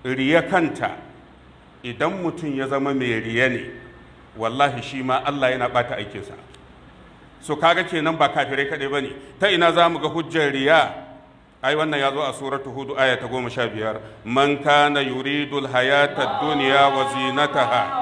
riya kanta idan mutum ya zama mai riya ne wallahi shi ma Allah yana ɓata aikinsa so kaga kenan ba kafirai kaɗai ba ne ta ina za mu ga hujjar riya ai wannan ya zo a suratu hudu aya ta goma sha biyar man kana yuridul hayata duniya wa zinataha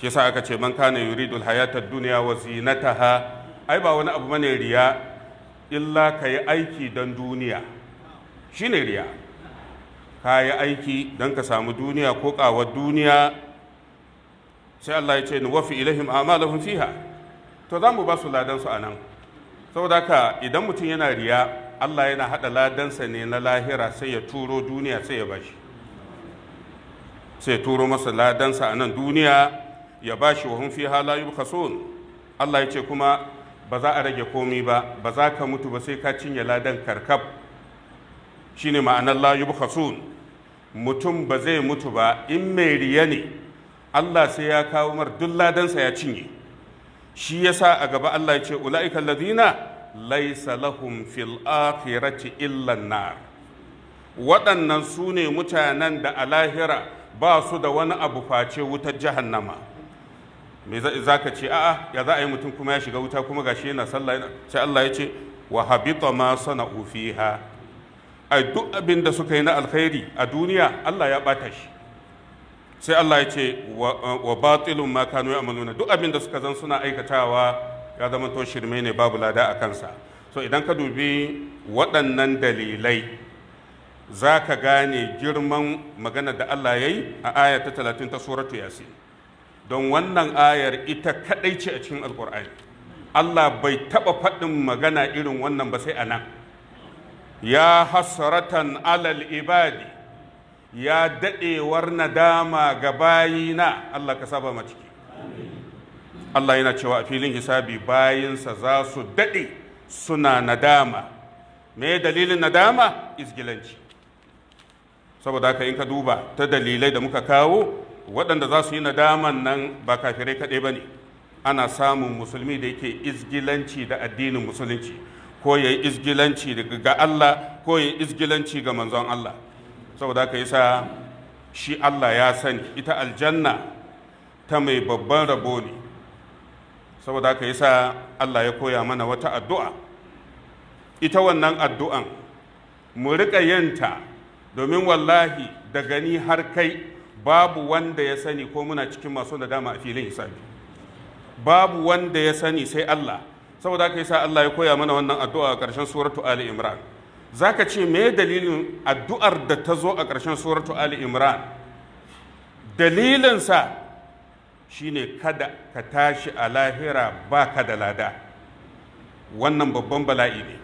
shi yasa aka ce man kana yuridul hayatad dunya wa zinataha ai ba wani abu bane riya illa kai aiki don duniya shine riya kayi aiki dan ka samu duniya ko kawar duniya sai Allah ya ce ni wafi ilahim amalahum fiha to zamu ba su ladan su anan saboda ka idan mutum yana riya Allah yana hada ladansa ne na lahira sai ya turo duniya sai ya bashi sai ya turo masa ladansa a nan duniya ya shi wa hum fiha la yubkhasun Allah ya ce kuma ba za a rage komi ba ba za ka mutu ba sai ka cinye ladan karkab shine ma'anar la yubkhasun mutum ba zai mutu ba in mai riya ne Allah sai ya kawo mar duk ladansa ya cinye shi yasa a gaba Allah ya ce ula'ikal ladina laysa lahum fil akhirati illa nar waɗannan su ne mutanen da a lahira ba su da wani abu face wutar jahannama me za ka ce a'a ya za a yi mutum kuma ya shiga wuta kuma gashi yana sallah yana sai Allah ya ce wa habita ma sana'u fiha ai duk abin da suka yi na alkhairi a duniya Allah ya bata shi sai Allah ya ce wa batilun ma kanu ya'maluna duk abin da suka zan suna aikatawa ya zama to shirme ne babu lada a kansa so idan ka dubi waɗannan dalilai za ka gane girman magana da Allah ya yi a aya ta 30 ta suratu yasin don wannan ayar ita kaɗai ce a cikin Alƙur'ani. Allah bai taɓa faɗin magana irin wannan ba sai a nan ya hasratan alal ibadi ya daɗewar nadama ga bayina Allah ka saba ma Allah yana cewa a filin hisabi bayinsa za su daɗe suna nadama me dalilin nadama izgilanci saboda haka in ka duba ta dalilai da muka kawo waɗanda za su yi nadaman nan ba kafirai kaɗai ba ne ana samun musulmi da yake izgilanci da addinin musulunci ko ya yi izgilanci ga Allah ko ya yi izgilanci ga manzon Allah saboda haka yasa shi Allah ya sani ita aljanna ta mai babban rabo ne saboda haka yasa Allah ya koya mana wata addu'a ita wannan addu'an mu riƙa yanta domin wallahi da gani har kai babu wanda ya sani ko muna cikin masu da dama a filin hisabi babu wanda ya sani sai Allah saboda haka yasa Allah ya koya mana wannan addu'a a ƙarshen suratu Ali Imran zaka ce me dalilin addu'ar da ta zo a ƙarshen suratu Ali Imran Dalilinsa sa shine kada ka tashi a lahira ba ka da lada wannan babban bala'i ne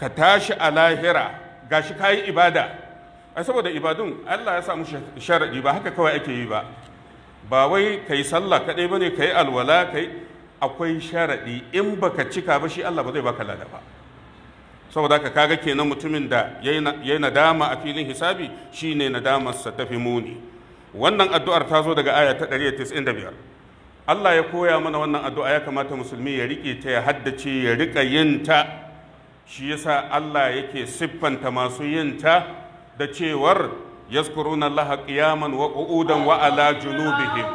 ka tashi a lahira gashi kayi ibada ai saboda ibadun Allah ya samu sharadi ba haka kawai ake yi ba ba wai kai sallah kadai bane kai alwala kai akwai sharadi in baka cika ba shi Allah ba zai baka lada saboda haka kaga kenan mutumin da yayi nadama a filin hisabi shine sa tafi muni wannan addu'ar ta zo daga aya ta 195 Allah ya koya mana wannan addu'a ya kamata musulmi ya rike ta ya haddace ya rika yin ta shi yasa Allah yake siffanta masu yin ta da cewar yazkuruna allaha qiyaman wa qu'udan wa ala junubihim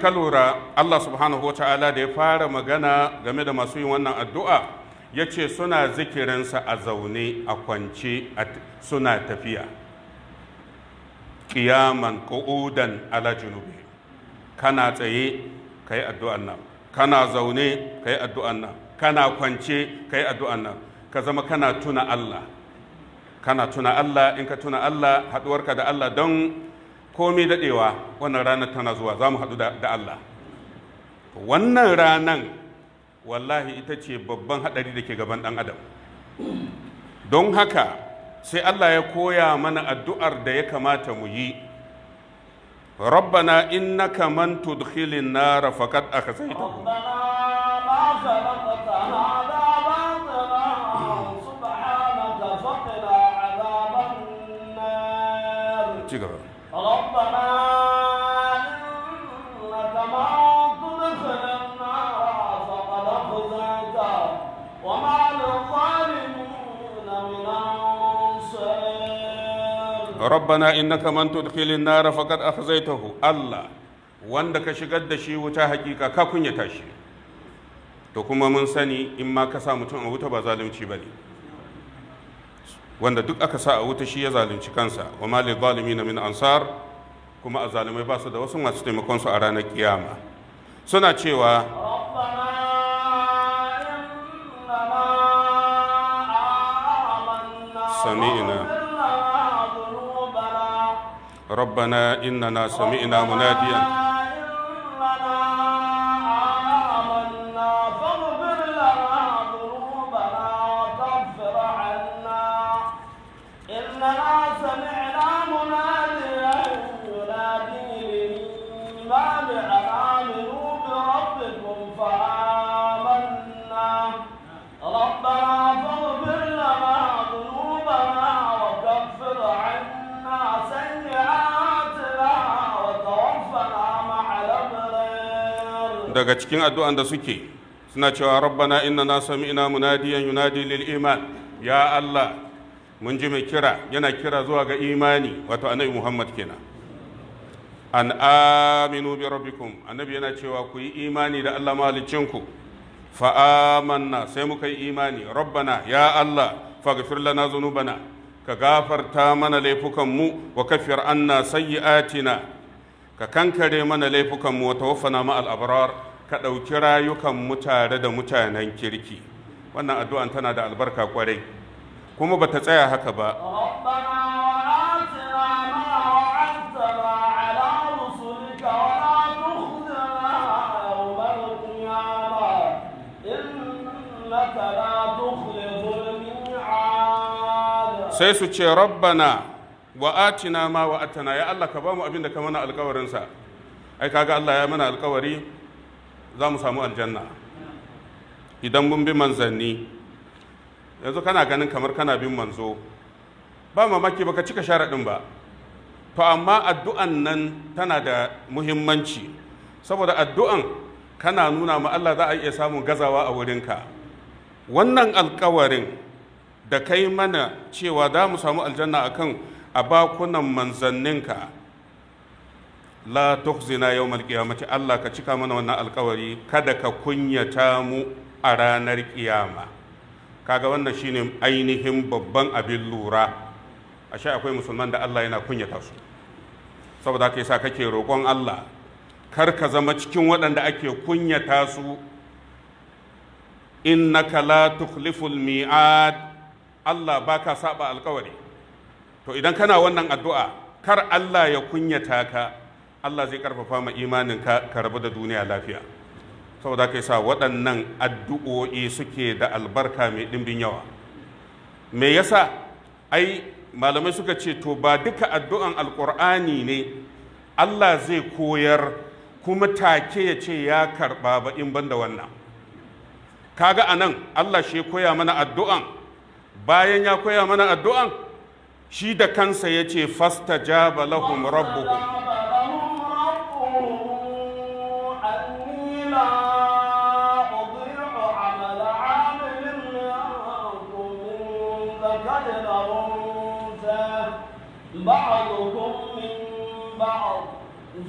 ka lura Allah subhanahu wa ta'ala da ya fara magana game da masu yin wannan addu'a ya ce suna zikirinsa a zaune a kwance suna tafiya ƙiyaman ƙu'udan ala junubi kana tsaye ka yi addu'an nan kana zaune ka yi addu'an nan kana kwance ka yi addu'an nan ka zama kana tuna Allah kana tuna Allah in ka tuna Allah haɗuwarka da Allah don komai daɗewa wannan ranar tana zuwa za mu haɗu da Allah wannan ranar wallahi ita ce babban haɗari da ke gaban ɗan adam don haka sai Allah ya koya mana addu'ar da ya kamata mu yi rabbana innaka man tudkhilin na faqad akhzaytahu ci gaba rabbana innaka man tudkhilin nar zai akhzaytahu Allah wanda ka shigar da shi wuta hakika ka kunyata shi to kuma mun sani in ma ka sa mutum a wuta ba zalunci bane wanda duk aka sa a wuta shi ya zalunci kansa wa ma lil min ansar kuma azalimai ba su da wasu masu taimakon su a ranar kiyama suna cewa ina. ربنا إننا سمعنا مناديا daga cikin addu'an da suke suna cewa rabbana innana ina munadiyan yunadi lil iman ya Allah mun ji mai kira yana kira zuwa ga imani wato annabi Muhammad kenan an aminu bi rabbikum annabi yana cewa ku yi imani da Allah mahalicinku fa amanna sai muka yi imani rabbana ya Allah faghfir lana zunubana ka gafarta mana laifukanmu wa kaffir anna sayyi'atina ka kankare mana laifukanmu wa tawaffana ma al abrar ka ɗauki rayukan mu tare da mutanen kirki wannan addu'an tana da albarka kwarai kuma ba ta tsaya haka ba sai su ce rabbana wa ma wa’atana ya Allah ka ba mu abin da ka mana alkawarinsa ai kaga Allah ya mana alkawari za mu samu aljanna idan mun bi manzanni yanzu kana ganin kamar kana bin manzo ba mamaki ba ka cika sharaɗin ba to amma addu'an nan tana da muhimmanci saboda addu'an kana nuna ma Allah za a iya samun gazawa a wurinka wannan alkawarin da kai mana cewa za mu samu aljanna akan a bakunan manzanninka la tuhzina yawmal qiyamati Allah ka cika mana wannan alkawari kada ka kunyata mu a ranar kiyama kaga wannan shine ainihin babban abin lura ashe akwai musulman da Allah yana kunyata su saboda haka yasa kake roƙon Allah kar ka zama cikin waɗanda ake kunyata su innaka la tukhliful mi'ad Allah baka saba alkawari to idan kana wannan addu'a kar Allah ya kunyata ka Allah zai karfafa ma imanin ka ka rabu da duniya lafiya saboda kai sa waɗannan addu'o'i suke da albarka mai ɗimbin yawa me yasa ai malamai suka ce to ba duka addu'an alƙur'ani ne Allah zai koyar kuma take ya ce ya karɓa ba in banda wannan kaga anan Allah shi koya mana addu'an bayan ya koya mana addu'an shi da kansa ya ce fasta jaba lahum rabbuhum بعضكم من بعض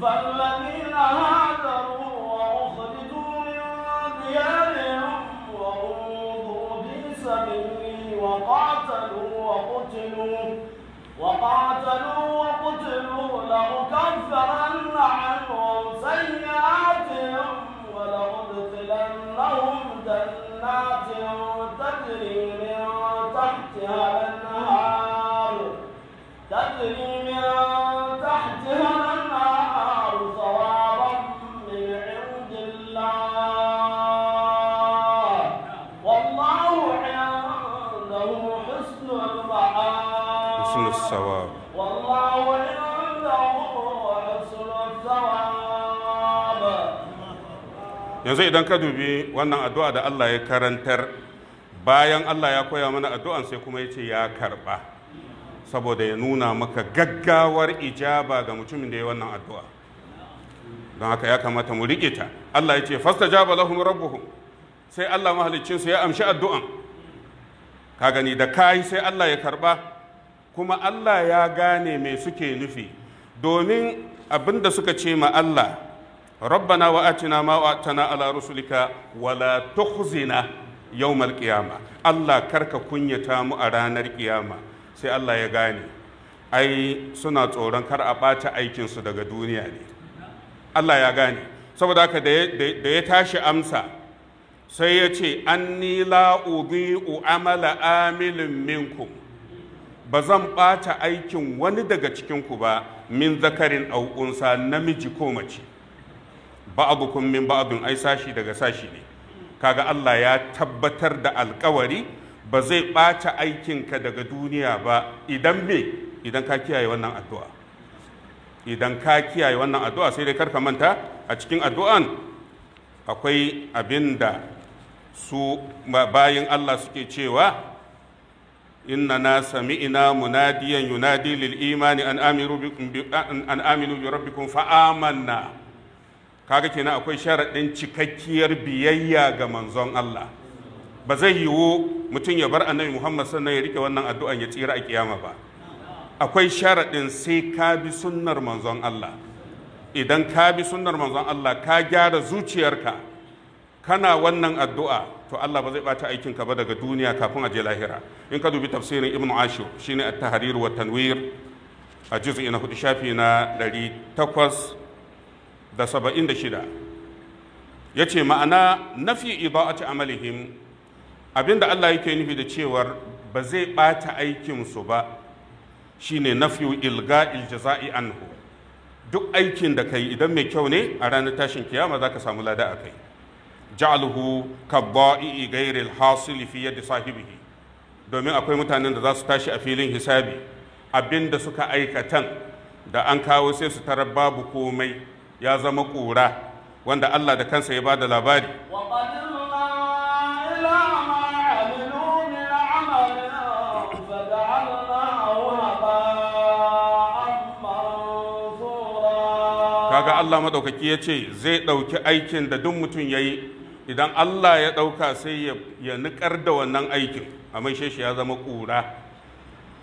فالذين هاجروا من في سبيلي وقاتلوا وقتلوا وقاتلوا وقتلوا لأكفرن عنهم تجري من تحتها الأنهار تجري من تحتها الأنهار yanzu idan ka dubi wannan addu'a da Allah ya karantar bayan Allah ya koya mana addu'an sai kuma ya ce ya karɓa saboda ya nuna maka gaggawar ijaba ga mutumin da ya wannan addu'a don haka ya kamata mu riƙe ta Allah ya ce fasta jaba lahum rabbuhum sai Allah mahalicinsu ya amshi addu'an ka gani da kayi sai Allah ya karɓa kuma Allah ya gane mai suke nufi domin abin da suka ce ma Allah rabbana wa atina ma wa ala rusulika wala tukhzina yawmal kiyama. Allah karka kunyata mu a ranar kiyama sai Allah ya gane ai suna tsoron kar a ɓata aikinsu daga duniya ne Allah ya gane saboda haka da ya tashi amsa sai ya ce anni la udhi'u amala amilin minkum ba zan ɓata aikin wani daga cikinku ba min zakarin au'unsa namiji ko mace ba'abukum min abin ai sashi daga sashi ne kaga Allah ya tabbatar da alkawari ba zai ɓata aikinka daga duniya ba idan me idan ka kiyaye wannan addu'a idan ka kiyaye wannan addu'a sai dai karka manta a cikin addu'an akwai abin da su bayin Allah suke cewa inna na ina munadiyan yunadi lil imani an aminu bi rabbikum fa amanna kaga kenan akwai sharaɗin cikakkiyar biyayya ga manzon Allah ba zai yiwu mutum ya bar annabi Muhammad sannan ya rike wannan addu'an ya tsira a kiyama ba akwai sharaɗin sai ka bi sunnar manzon Allah idan ka bi sunnar manzon Allah ka gyara zuciyarka kana wannan addu'a to Allah ba zai bata aikin ka ba daga duniya kafin a je lahira in ka dubi tafsirin Ibn Ashur shine at-tahrir wa tanwir a juz'i na hudu shafi na 800 da saba'in da shida ya ce ma'ana nafi iba'ati amalihim abinda Allah yake nufi da cewar ba zai ɓata aikinsu ba shine nafiyu ilga iljaza'i anhu duk aikin da kai idan mai kyau ne a ranar tashin kiyama za ka samu lada a kai ja'alhu kabba'i gairil hasili fi yadda sahibihi domin akwai mutanen da za su tashi a filin hisabi abinda suka aikatan da an kawo sai su tarar babu komai ya zama ƙura wanda Allah da kansa ya ba da labari kaga Allah maɗaukaki ya ce zai ɗauki aikin da duk mutum ya yi idan Allah ya ɗauka sai ya niƙar da wannan aikin a shi ya zama ƙura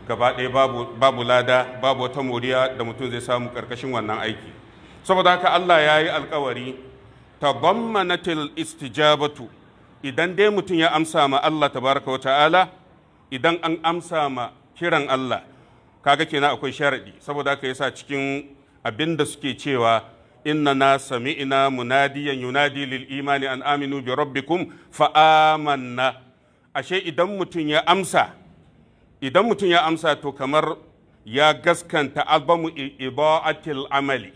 gaba ɗaya babu lada babu wata moriya da mutum zai samu ƙarƙashin wannan aiki saboda haka Allah ya yi alkawari tadammanatil istijabatu idan dai mutum ya amsa ma Allah tabaraka wa ta'ala idan an amsa ma kiran Allah kaga kenan akwai sharadi saboda haka yasa cikin abinda suke cewa inna na sami'ina munadiyan yunadi lil imani an aminu bi rabbikum fa amanna ashe idan mutum ya amsa idan mutum ya amsa to kamar ya gaskanta albamu ibaatil amali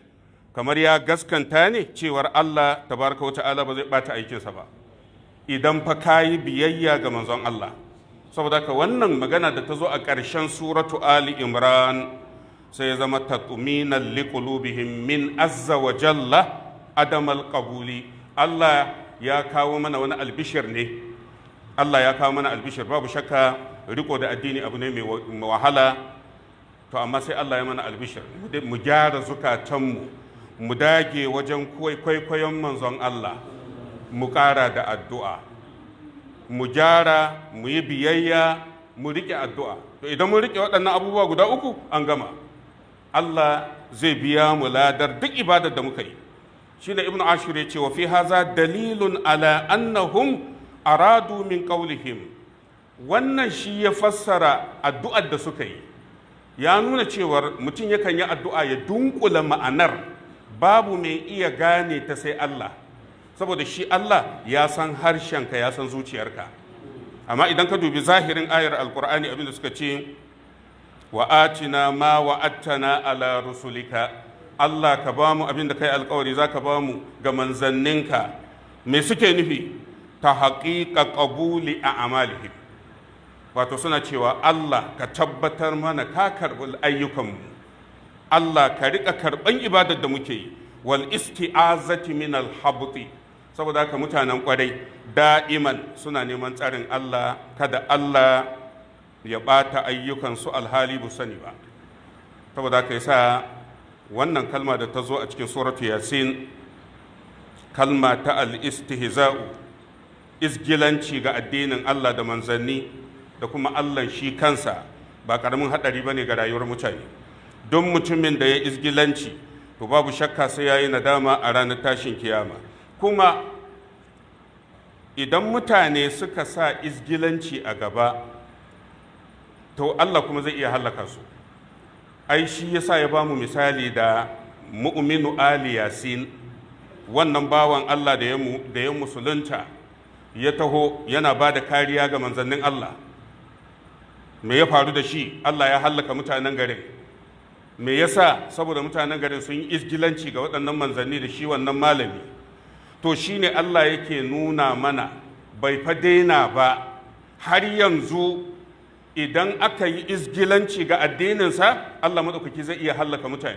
kamar ya gaskanta ne cewar Allah tabaraka wa ala ba zai bata aikinsa ba idan fa kayi biyayya ga manzon Allah saboda ka wannan magana da ta zo a ƙarshen suratu Ali Imran sai ya zama tatminan liqulubihim min azza wa jalla adam alqabuli Allah ya kawo mana wani albishir ne Allah ya kawo mana albishir babu shakka riko da addini abu ne mai wahala to amma sai Allah ya mana albishir mu gyara zukatanmu mu dage wajen kwaikwayon manzon Allah mu ƙara da addu'a mu gyara mu yi biyayya mu riƙe addu'a to idan mun riƙe waɗannan abubuwa guda uku an gama Allah zai biya mu ladar duk ibadar da muka yi shi da ibn ashir ya ce wa fi haza dalilun ala annahum aradu min qawlihim wannan shi ya fassara addu'ar da suka yi ya nuna cewar mutum yakan yi addu'a ya dunkula ma'anar babu mai iya gane ta sai Allah saboda shi Allah ya san harshenka ya san zuciyarka amma idan ka dubi zahirin ayar alkur'ani abinda suka ce atina ma attana ala rusulika Allah ka ba mu abinda kai alkawari za ka ba mu ga manzanninka me suke nufi ta haƙiƙa ƙabuli a amalihim wato suna cewa Allah ka tabbatar mana ka karɓi ayyukanmu Allah ka riƙa karɓan ibadar da muke yi wal isti'azati min al saboda haka mutanen kwarai da'iman suna neman tsarin Allah kada Allah ya ɓata ayyukansu alhali bu sani ba saboda haka yasa wannan kalma da ta zo a cikin suratu yasin kalma ta al-istihza'u izgilanci ga addinin Allah da manzanni da kuma Allah shi kansa ba karamin haɗari ne ga rayuwar mutane don mutumin da ya izgilanci to babu shakka sai ya yi nadama a ranar tashin kiyama kuma idan mutane suka sa izgilanci a gaba to Allah kuma zai iya hallaka su ai shi yasa ya bamu misali da mu'minu ali yasin wannan bawan Allah da ya musulunta ya taho yana ba da kariya ga manzannin Allah me ya faru da shi Allah ya hallaka mutanen garin me yasa saboda mutanen garin sun yi isgilanci ga waɗannan manzanni da shi wannan malami to ne Allah yake nuna mana bai fa daina ba har yanzu idan aka yi isgilanci ga addininsa Allah maɗaukaki zai iya hallaka mutane